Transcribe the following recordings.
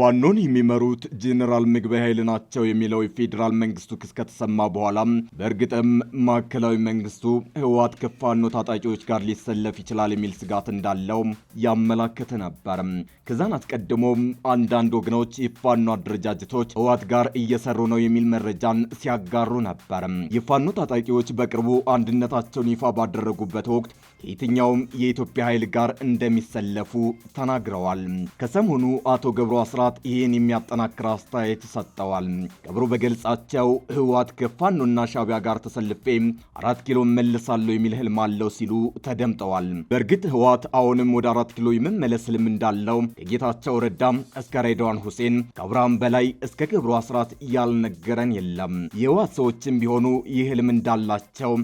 ፋኖን የሚመሩት ጄኔራል ምግበ ኃይል ናቸው የሚለው የፌዴራል መንግስቱ ክስ ከተሰማ በኋላ በእርግጥም ማዕከላዊ መንግስቱ ህወሓት ከፋኖ ታጣቂዎች ጋር ሊሰለፍ ይችላል የሚል ስጋት እንዳለው ያመላከተ ነበር። ከዛን አስቀድሞም አንዳንድ ወገኖች የፋኖ አደረጃጀቶች ህወሓት ጋር እየሰሩ ነው የሚል መረጃን ሲያጋሩ ነበር። የፋኖ ታጣቂዎች በቅርቡ አንድነታቸውን ይፋ ባደረጉበት ወቅት ከየትኛውም የኢትዮጵያ ኃይል ጋር እንደሚሰለፉ ተናግረዋል። ከሰሞኑ አቶ ገብሩ ለመስራት ይህን የሚያጠናክር አስተያየት ሰጥተዋል። ገብሩ በገልጻቸው ህወሓት ከፋኖና ሻቢያ ጋር ተሰልፌ አራት ኪሎ መልሳለሁ የሚል ህልም አለው ሲሉ ተደምጠዋል። በእርግጥ ህወሓት አሁንም ወደ አራት ኪሎ የመመለስ ህልም እንዳለው ከጌታቸው ረዳ እስከ ሬድዋን ሁሴን ከአብርሃም በላይ እስከ ገብሩ አስራት ያልነገረን የለም። የህወሓት ሰዎችም ቢሆኑ ይህ ህልም እንዳላቸው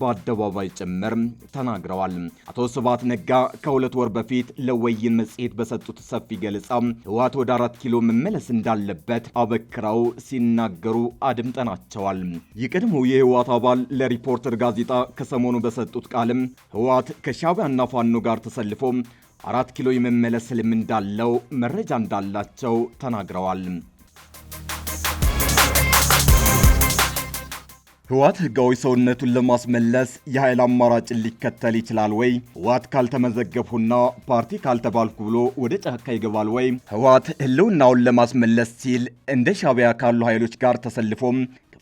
በአደባባይ ጭምር ተናግረዋል። አቶ ስብሃት ነጋ ከሁለት ወር በፊት ለወይን መጽሔት በሰጡት ሰፊ ገለጻ ህወሓት ወደ አራት ኪሎ መመለስ እንዳለበት አበክረው ሲናገሩ አድምጠናቸዋል። የቀድሞው የህወሓት አባል ለሪፖርተር ጋዜጣ ከሰሞኑ በሰጡት ቃልም ህወሓት ከሻቢያና ፋኖ ጋር ተሰልፎ አራት ኪሎ የመመለስ ህልም እንዳለው መረጃ እንዳላቸው ተናግረዋል። ህወሓት ህጋዊ ሰውነቱን ለማስመለስ የኃይል አማራጭን ሊከተል ይችላል ወይ? ህወሓት ካልተመዘገብሁና ፓርቲ ካልተባልኩ ብሎ ወደ ጫካ ይገባል ወይ? ህወሓት ህልውናውን ለማስመለስ ሲል እንደ ሻቢያ ካሉ ኃይሎች ጋር ተሰልፎም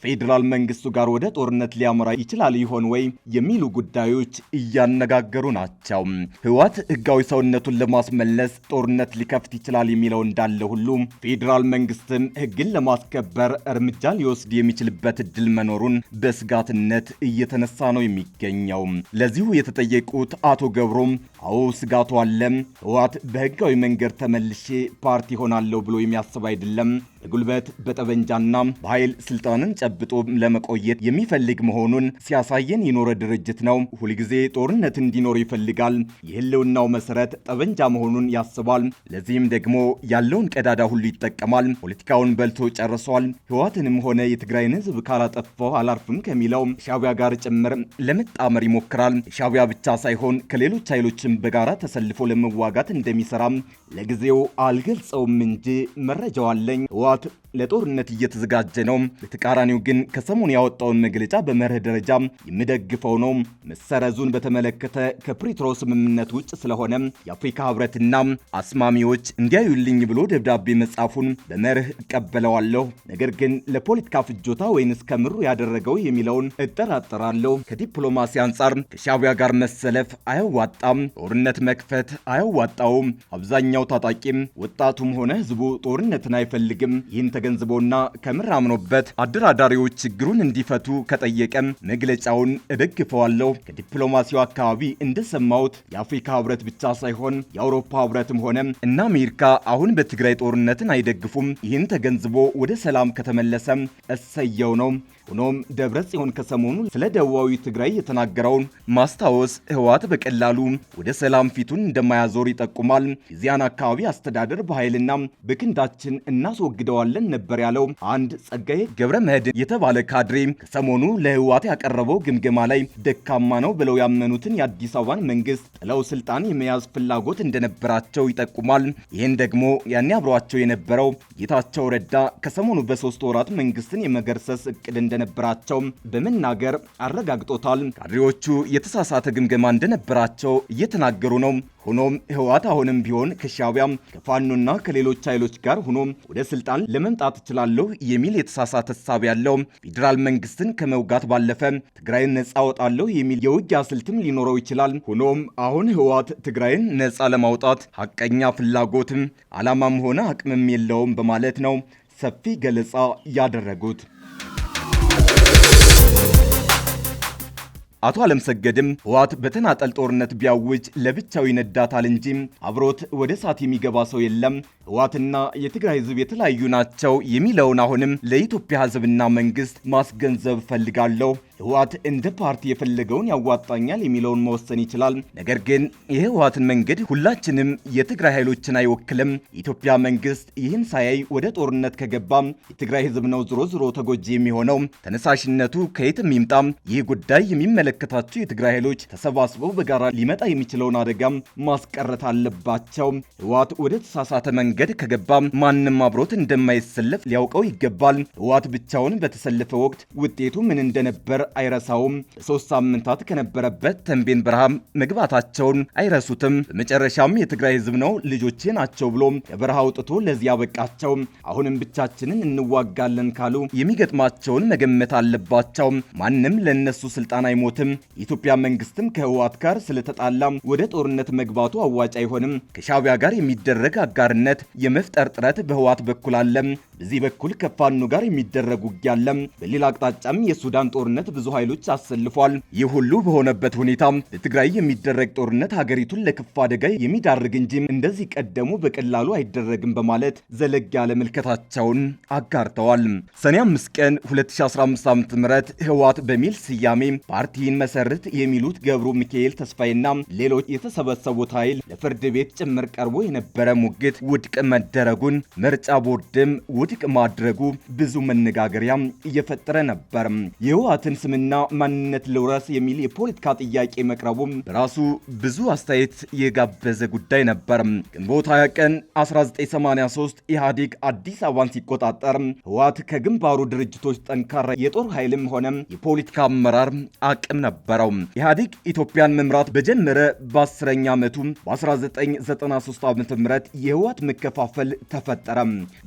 ፌዴራል መንግስቱ ጋር ወደ ጦርነት ሊያመራ ይችላል ይሆን ወይ የሚሉ ጉዳዮች እያነጋገሩ ናቸው። ህወሓት ህጋዊ ሰውነቱን ለማስመለስ ጦርነት ሊከፍት ይችላል የሚለው እንዳለ ሁሉ ፌዴራል መንግስትም ህግን ለማስከበር እርምጃ ሊወስድ የሚችልበት እድል መኖሩን በስጋትነት እየተነሳ ነው የሚገኘው። ለዚሁ የተጠየቁት አቶ ገብሮም አዎ ስጋቱ አለ፣ ህወሓት በህጋዊ መንገድ ተመልሼ ፓርቲ ሆናለሁ ብሎ የሚያስብ አይደለም በጉልበት በጠበንጃና በኃይል ስልጣንን ጨብጦ ለመቆየት የሚፈልግ መሆኑን ሲያሳየን የኖረ ድርጅት ነው። ሁልጊዜ ጦርነት እንዲኖር ይፈልጋል። የህልውናው መሰረት ጠበንጃ መሆኑን ያስባል። ለዚህም ደግሞ ያለውን ቀዳዳ ሁሉ ይጠቀማል። ፖለቲካውን በልቶ ጨርሷል። ህወሓትንም ሆነ የትግራይን ህዝብ ካላጠፋው አላርፍም ከሚለው ሻቢያ ጋር ጭምር ለመጣመር ይሞክራል። ሻቢያ ብቻ ሳይሆን ከሌሎች ኃይሎችም በጋራ ተሰልፎ ለመዋጋት እንደሚሰራም ለጊዜው አልገልጸውም እንጂ መረጃው አለኝ። but ለጦርነት እየተዘጋጀ ነው። በተቃራኒው ግን ከሰሞኑ ያወጣውን መግለጫ በመርህ ደረጃ የምደግፈው ነው። መሰረዙን በተመለከተ ከፕሪትሮ ስምምነት ውጭ ስለሆነ የአፍሪካ ህብረትና አስማሚዎች እንዲያዩልኝ ብሎ ደብዳቤ መጻፉን በመርህ እቀበለዋለሁ። ነገር ግን ለፖለቲካ ፍጆታ ወይንስ ከምሩ ያደረገው የሚለውን እጠራጠራለሁ። ከዲፕሎማሲ አንጻር ከሻቢያ ጋር መሰለፍ አያዋጣም፣ ጦርነት መክፈት አያዋጣውም። አብዛኛው ታጣቂም ወጣቱም ሆነ ህዝቡ ጦርነትን አይፈልግም። ይህን ተገንዝቦና ከምራምኖበት አደራዳሪዎች ችግሩን እንዲፈቱ ከጠየቀም መግለጫውን እደግፈዋለሁ። ከዲፕሎማሲው አካባቢ እንደሰማሁት የአፍሪካ ህብረት ብቻ ሳይሆን የአውሮፓ ህብረትም ሆነ እና አሜሪካ አሁን በትግራይ ጦርነትን አይደግፉም። ይህን ተገንዝቦ ወደ ሰላም ከተመለሰም እሰየው ነው። ሆኖም ደብረ ጽዮን ከሰሞኑ ስለ ደቡባዊ ትግራይ የተናገረውን ማስታወስ ህወሓት በቀላሉ ወደ ሰላም ፊቱን እንደማያዞር ይጠቁማል። የዚያን አካባቢ አስተዳደር በኃይልና በክንዳችን እናስወግደዋለን ነበር ያለው አንድ ጸጋዬ ገብረ መድህን የተባለ ካድሬ ከሰሞኑ ለህወሓት ያቀረበው ግምገማ ላይ ደካማ ነው ብለው ያመኑትን የአዲስ አበባን መንግስት ጥለው ስልጣን የመያዝ ፍላጎት እንደነበራቸው ይጠቁማል። ይህን ደግሞ ያኔ አብሯቸው የነበረው ጌታቸው ረዳ ከሰሞኑ በሶስት ወራት መንግስትን የመገርሰስ እቅድ እንደ እንደነበራቸው በመናገር አረጋግጦታል። ካድሬዎቹ የተሳሳተ ግምገማ እንደነበራቸው እየተናገሩ ነው። ሆኖም ህወሓት አሁንም ቢሆን ከሻቢያ ከፋኖና ከሌሎች ኃይሎች ጋር ሆኖ ወደ ስልጣን ለመምጣት እችላለሁ የሚል የተሳሳተ ሀሳብ ያለው ፌዴራል መንግስትን ከመውጋት ባለፈ ትግራይን ነጻ አወጣለሁ የሚል የውጊያ ስልትም ሊኖረው ይችላል። ሆኖም አሁን ህወሓት ትግራይን ነጻ ለማውጣት ሀቀኛ ፍላጎትም አላማም ሆነ አቅምም የለውም በማለት ነው ሰፊ ገለጻ ያደረጉት። አቶ አለም ሰገድም ህወሓት በተናጠል ጦርነት ቢያውጅ ለብቻው ይነዳታል እንጂ አብሮት ወደ እሳት የሚገባ ሰው የለም፣ ህወሓትና የትግራይ ህዝብ የተለያዩ ናቸው የሚለውን አሁንም ለኢትዮጵያ ህዝብና መንግስት ማስገንዘብ ፈልጋለሁ። ህወሓት እንደ ፓርቲ የፈለገውን ያዋጣኛል የሚለውን መወሰን ይችላል። ነገር ግን የህወሓትን መንገድ ሁላችንም የትግራይ ኃይሎችን አይወክልም። የኢትዮጵያ መንግስት ይህን ሳያይ ወደ ጦርነት ከገባ የትግራይ ህዝብ ነው ዝሮ ዝሮ ተጎጂ የሚሆነው። ተነሳሽነቱ ከየትም ይምጣ፣ ይህ ጉዳይ የሚመለከታቸው የትግራይ ኃይሎች ተሰባስበው በጋራ ሊመጣ የሚችለውን አደጋ ማስቀረት አለባቸው። ህወሓት ወደ ተሳሳተ መንገድ መንገድ ከገባ ማንም አብሮት እንደማይሰለፍ ሊያውቀው ይገባል። ህወሓት ብቻውን በተሰለፈ ወቅት ውጤቱ ምን እንደነበር አይረሳውም። ሶስት ሳምንታት ከነበረበት ተንቤን በረሃ መግባታቸውን አይረሱትም። በመጨረሻም የትግራይ ህዝብ ነው ልጆቼ ናቸው ብሎ ከበረሃ አውጥቶ ለዚህ ያበቃቸው። አሁንም ብቻችንን እንዋጋለን ካሉ የሚገጥማቸውን መገመት አለባቸው። ማንም ለእነሱ ስልጣን አይሞትም። የኢትዮጵያ መንግስትም ከህወሓት ጋር ስለተጣላ ወደ ጦርነት መግባቱ አዋጭ አይሆንም። ከሻቢያ ጋር የሚደረግ አጋርነት የመፍጠር ጥረት በህወሓት በኩል አለ። በዚህ በኩል ከፋኖ ጋር የሚደረግ ውጊያ አለም። በሌላ አቅጣጫም የሱዳን ጦርነት ብዙ ኃይሎች አሰልፏል። ይህ ሁሉ በሆነበት ሁኔታ በትግራይ የሚደረግ ጦርነት ሀገሪቱን ለክፍ አደጋ የሚዳርግ እንጂ እንደዚህ ቀደሙ በቀላሉ አይደረግም በማለት ዘለግ ያለ ምልከታቸውን አጋርተዋል። ሰኔ አምስት ቀን 2015 ዓ.ም ህወሓት በሚል ስያሜ ፓርቲን መሰረት የሚሉት ገብሩ ሚካኤል ተስፋዬና ሌሎች የተሰበሰቡት ኃይል ለፍርድ ቤት ጭምር ቀርቦ የነበረ ሙግት ውድቅ መደረጉን ምርጫ ቦርድም ውድቅ ማድረጉ ብዙ መነጋገሪያ እየፈጠረ ነበር። የህወሓትን ስምና ማንነት ልውረስ የሚል የፖለቲካ ጥያቄ መቅረቡ በራሱ ብዙ አስተያየት የጋበዘ ጉዳይ ነበር። ግንቦት 20 ቀን 1983 ኢህአዴግ አዲስ አበባን ሲቆጣጠር ህወሓት ከግንባሩ ድርጅቶች ጠንካራ የጦር ኃይልም ሆነ የፖለቲካ አመራር አቅም ነበረው። ኢህአዴግ ኢትዮጵያን መምራት በጀመረ በአስረኛ ዓመቱ በ1993 ዓ ም የህወሓት መከፋፈል ተፈጠረ።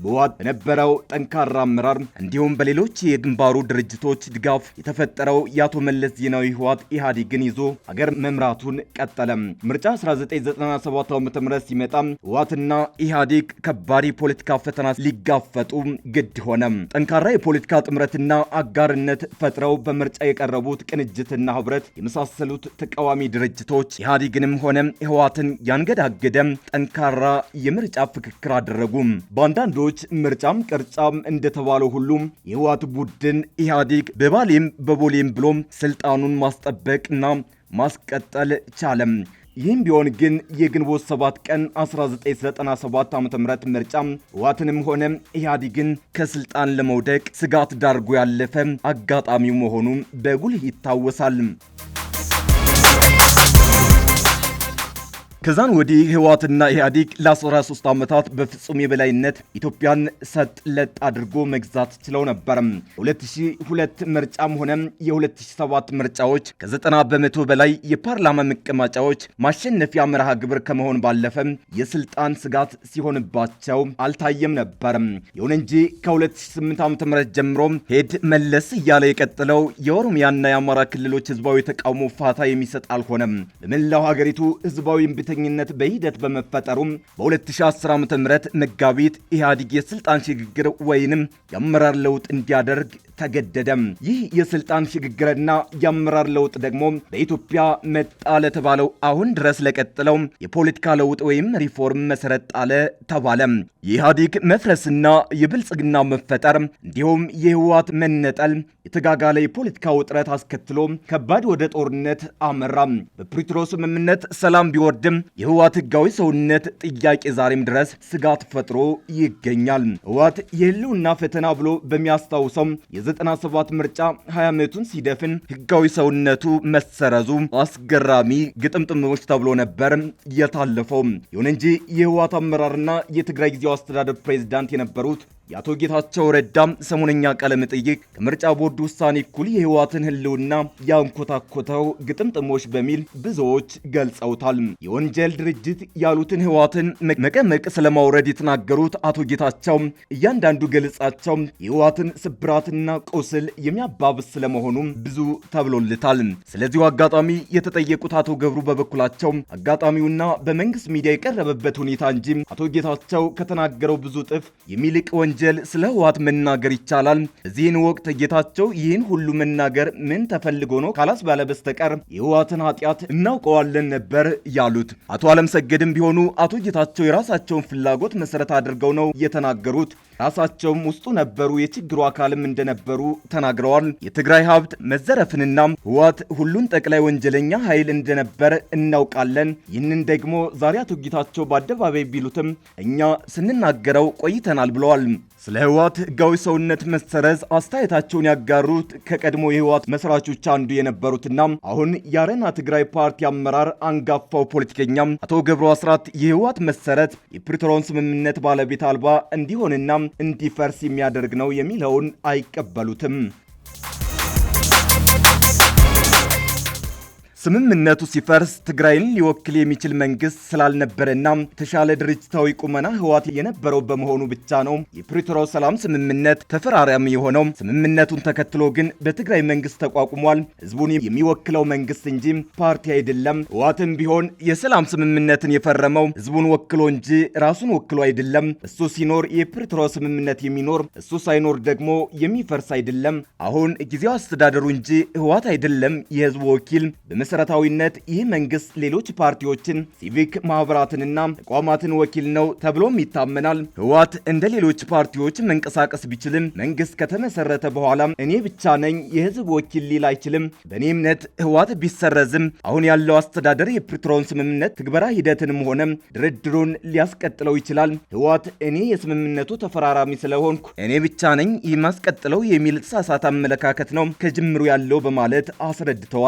በህወሓት በነበ በነበረው ጠንካራ አመራር እንዲሁም በሌሎች የግንባሩ ድርጅቶች ድጋፍ የተፈጠረው የአቶ መለስ ዜናዊ ህወሓት ኢህአዴግን ይዞ አገር መምራቱን ቀጠለም። ምርጫ 1997 ዓም ም ሲመጣ ህወሓትና ኢህአዴግ ከባድ የፖለቲካ ፈተና ሊጋፈጡ ግድ ሆነ። ጠንካራ የፖለቲካ ጥምረትና አጋርነት ፈጥረው በምርጫ የቀረቡት ቅንጅትና ህብረት የመሳሰሉት ተቃዋሚ ድርጅቶች ኢህአዴግንም ሆነ ህወሓትን ያንገዳገደ ጠንካራ የምርጫ ፍክክር አደረጉ። በአንዳንዶች ምርጫ ቅርጫም እንደተባለው ሁሉም የህወሓት ቡድን ኢህአዴግ በባሌም በቦሌም ብሎም ስልጣኑን ማስጠበቅና ማስቀጠል ቻለም። ይህም ቢሆን ግን የግንቦት 7 ቀን 1997 ም ምርጫ ህወሓትንም ሆነ ኢህአዴግን ከስልጣን ለመውደቅ ስጋት ዳርጎ ያለፈ አጋጣሚው መሆኑ በጉልህ ይታወሳል። ከዛን ወዲህ ህወሓትና ኢህአዴግ ለ13 ዓመታት በፍጹም የበላይነት ኢትዮጵያን ሰጥ ለጥ አድርጎ መግዛት ችለው ነበር። የ2002 ምርጫም ሆነ የ2007 ምርጫዎች ከ90 በመቶ በላይ የፓርላማ መቀመጫዎች ማሸነፊያ መርሃ ግብር ከመሆን ባለፈ የስልጣን ስጋት ሲሆንባቸው አልታየም ነበር። ይሁን እንጂ ከ2008 ዓ.ም ጀምሮ ሄድ መለስ እያለ የቀጠለው የኦሮሚያና የአማራ ክልሎች ህዝባዊ ተቃውሞ ፋታ የሚሰጥ አልሆነም። በመላው ሀገሪቱ ህዝባዊ ሽብርተኝነት በሂደት በመፈጠሩም በ2010 ዓ ም መጋቢት ኢህአዲግ የስልጣን ሽግግር ወይንም የአመራር ለውጥ እንዲያደርግ ተገደደም። ይህ የስልጣን ሽግግርና የአመራር ለውጥ ደግሞ በኢትዮጵያ መጣ ለተባለው አሁን ድረስ ለቀጥለው የፖለቲካ ለውጥ ወይም ሪፎርም መሰረት ጣለ ተባለ። የኢህአዲግ መፍረስና የብልጽግና መፈጠር እንዲሁም የህወሓት መነጠል የተጋጋለ የፖለቲካ ውጥረት አስከትሎ ከባድ ወደ ጦርነት አመራ። በፕሪቶሪያው ስምምነት ሰላም ቢወርድም የህወሓት ህጋዊ ሰውነት ጥያቄ ዛሬም ድረስ ስጋት ፈጥሮ ይገኛል። ህወሓት የህልውና ፈተና ብሎ በሚያስታውሰው የ97 ምርጫ 20 ዓመቱን ሲደፍን ህጋዊ ሰውነቱ መሰረዙ አስገራሚ ግጥምጥሞች ተብሎ ነበር የታለፈው። ይሁን እንጂ የህወሓት አመራርና የትግራይ ጊዜያዊ አስተዳደር ፕሬዝዳንት የነበሩት የአቶ ጌታቸው ረዳም ሰሞነኛ ቃለ መጠይቅ ከምርጫ ቦርድ ውሳኔ እኩል የህወሓትን ህልውና ያንኮታኮተው ግጥምጥሞች በሚል ብዙዎች ገልጸውታል። የወንጀል ድርጅት ያሉትን ህወሓትን መቀመቅ ስለማውረድ የተናገሩት አቶ ጌታቸው እያንዳንዱ ገለጻቸው የህወሓትን ስብራትና ቁስል የሚያባብስ ስለመሆኑም ብዙ ተብሎልታል። ስለዚሁ አጋጣሚ የተጠየቁት አቶ ገብሩ በበኩላቸው አጋጣሚውና በመንግስት ሚዲያ የቀረበበት ሁኔታ እንጂ አቶ ጌታቸው ከተናገረው ብዙ ጥፍ የሚልቅ ወንጀል ወንጀል ስለ ህወሓት መናገር ይቻላል? በዚህን ወቅት ጌታቸው ይህን ሁሉ መናገር ምን ተፈልጎ ነው ባለ በስተቀር የህወሓትን ኃጢአት እናውቀዋለን ነበር ያሉት አቶ አለም ሰገድም ቢሆኑ አቶ ጌታቸው የራሳቸውን ፍላጎት መሰረት አድርገው ነው የተናገሩት። ራሳቸውም ውስጡ ነበሩ፣ የችግሩ አካልም እንደነበሩ ተናግረዋል። የትግራይ ሀብት መዘረፍንና ህወሓት ሁሉን ጠቅላይ ወንጀለኛ ኃይል እንደነበር እናውቃለን። ይህንን ደግሞ ዛሬ አቶ ጌታቸው በአደባባይ ቢሉትም እኛ ስንናገረው ቆይተናል ብለዋል። ስለ ህወሓት ህጋዊ ሰውነት መሰረዝ አስተያየታቸውን ያጋሩት ከቀድሞ የህወሓት መስራቾች አንዱ የነበሩትና አሁን የአረና ትግራይ ፓርቲ አመራር አንጋፋው ፖለቲከኛ አቶ ገብሩ አስራት የህወሓት መሰረት የፕሪቶሪያውን ስምምነት ባለቤት አልባ እንዲሆንና እንዲፈርስ የሚያደርግ ነው የሚለውን አይቀበሉትም። ስምምነቱ ሲፈርስ ትግራይን ሊወክል የሚችል መንግስት ስላልነበረና የተሻለ ድርጅታዊ ቁመና ህወሓት የነበረው በመሆኑ ብቻ ነው የፕሪቶሪያው ሰላም ስምምነት ተፈራራሚ የሆነው። ስምምነቱን ተከትሎ ግን በትግራይ መንግስት ተቋቁሟል። ህዝቡን የሚወክለው መንግስት እንጂ ፓርቲ አይደለም። ህወሓትም ቢሆን የሰላም ስምምነትን የፈረመው ህዝቡን ወክሎ እንጂ ራሱን ወክሎ አይደለም። እሱ ሲኖር የፕሪቶሪያው ስምምነት የሚኖር እሱ ሳይኖር ደግሞ የሚፈርስ አይደለም። አሁን ጊዜው አስተዳደሩ እንጂ ህወሓት አይደለም የህዝቡ ወኪል። በመሰረታዊነት ይህ መንግስት ሌሎች ፓርቲዎችን፣ ሲቪክ ማህበራትንና ተቋማትን ወኪል ነው ተብሎም ይታመናል። ህወሓት እንደ ሌሎች ፓርቲዎች መንቀሳቀስ ቢችልም መንግስት ከተመሰረተ በኋላ እኔ ብቻ ነኝ የህዝብ ወኪል ሊል አይችልም። በእኔ እምነት ህወሓት ቢሰረዝም አሁን ያለው አስተዳደር የፕሪቶሪያውን ስምምነት ትግበራ ሂደትንም ሆነ ድርድሩን ሊያስቀጥለው ይችላል። ህወሓት እኔ የስምምነቱ ተፈራራሚ ስለሆንኩ እኔ ብቻ ነኝ የማስቀጥለው የሚል ተሳሳተ አመለካከት ነው ከጅምሩ ያለው በማለት አስረድተዋል።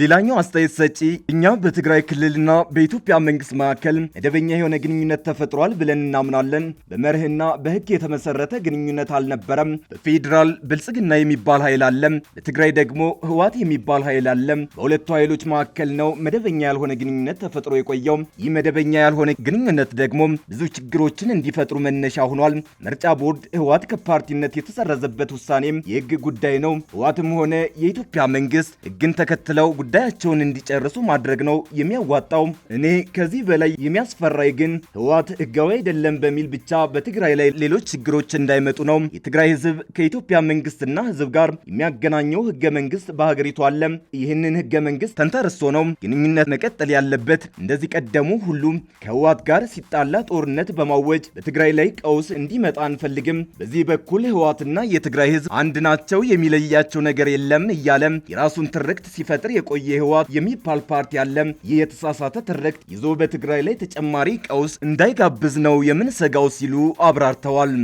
ሌላኛው አስተያየት ሰጪ እኛ በትግራይ ክልልና በኢትዮጵያ መንግስት መካከል መደበኛ የሆነ ግንኙነት ተፈጥሯል ብለን እናምናለን። በመርህና በህግ የተመሰረተ ግንኙነት አልነበረም። በፌዴራል ብልጽግና የሚባል ኃይል አለ፣ በትግራይ ደግሞ ህዋት የሚባል ኃይል አለ። በሁለቱ ኃይሎች መካከል ነው መደበኛ ያልሆነ ግንኙነት ተፈጥሮ የቆየው። ይህ መደበኛ ያልሆነ ግንኙነት ደግሞ ብዙ ችግሮችን እንዲፈጥሩ መነሻ ሆኗል። ምርጫ ቦርድ ህዋት ከፓርቲነት የተሰረዘበት ውሳኔም የህግ ጉዳይ ነው። ህዋትም ሆነ የኢትዮጵያ መንግስት ህግን ተከትለው ጉዳያቸውን እንዲጨርሱ ማድረግ ነው የሚያዋጣው። እኔ ከዚህ በላይ የሚያስፈራኝ ግን ህወሓት ህጋዊ አይደለም በሚል ብቻ በትግራይ ላይ ሌሎች ችግሮች እንዳይመጡ ነው። የትግራይ ህዝብ ከኢትዮጵያ መንግስትና ህዝብ ጋር የሚያገናኘው ህገ መንግስት በሀገሪቱ አለ። ይህንን ህገ መንግስት ተንተርሶ ነው ግንኙነት መቀጠል ያለበት። እንደዚህ ቀደሙ ሁሉም ከህወሓት ጋር ሲጣላ ጦርነት በማወጅ በትግራይ ላይ ቀውስ እንዲመጣ አንፈልግም። በዚህ በኩል ህወሓትና የትግራይ ህዝብ አንድ ናቸው፣ የሚለያቸው ነገር የለም እያለ የራሱን ትርክት ሲፈጥር የቆየ ህወሓት የሚባል ፓርቲ አለ። ይህ የተሳሳተ ትርክት ይዞ በትግራይ ላይ ተጨማሪ ቀውስ እንዳይጋብዝ ነው የምንሰጋው ሲሉ አብራርተዋል።